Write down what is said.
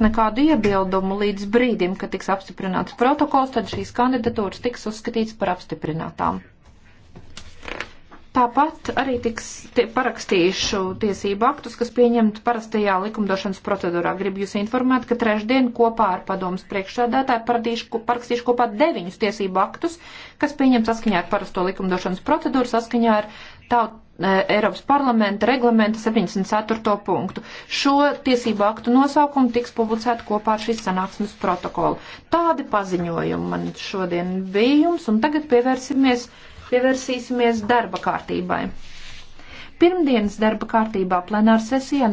nekādu iebildumu līdz brīdim, kad tiks apstiprināts protokols, tad šīs kandidatūras tiks uzskatīts par apstiprinātām. Tāpat arī tiks parakstījušu tiesību aktus, kas pieņemti parastajā likumdošanas procedūrā. Gribu jūs informēt, ka trešdien kopā ar padomus priekšsēdētāju parakstīšu kopā deviņus tiesību aktus, kas pieņemts saskaņā ar parasto likumdošanas procedūru, saskaņā ar tautu. E, Eiropas parlamenta reglamenta 74. punktu. Šo tiesību aktu nosaukumu tiks publicēta kopā ar šīs sanāksmes protokolu. Tādi paziņojumi man šodien bija jums, un tagad pievērsīsimies Pievērsīsimies darba kārtībai. Pirmdienas darba kārtībā plenāra sesijā